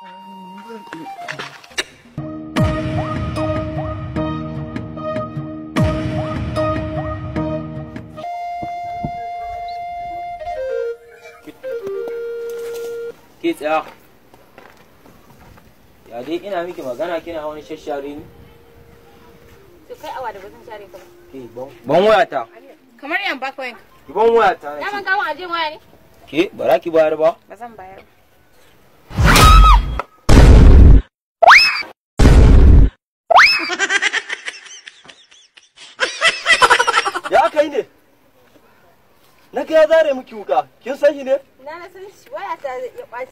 Ke tsaya. Ya dai ina miki magana kina wani shashare ni? To kai awa da ba share ka ba. Ke ban wayata. Kamar yan baka wayanka. Ki ban wayata. Na ban kawo aje waya ne? Ke bara ki bayar ba? Bazan bayar ba. ya kai ne na ga ya zare miki wuka kin san shi ne na san shi waya ta ya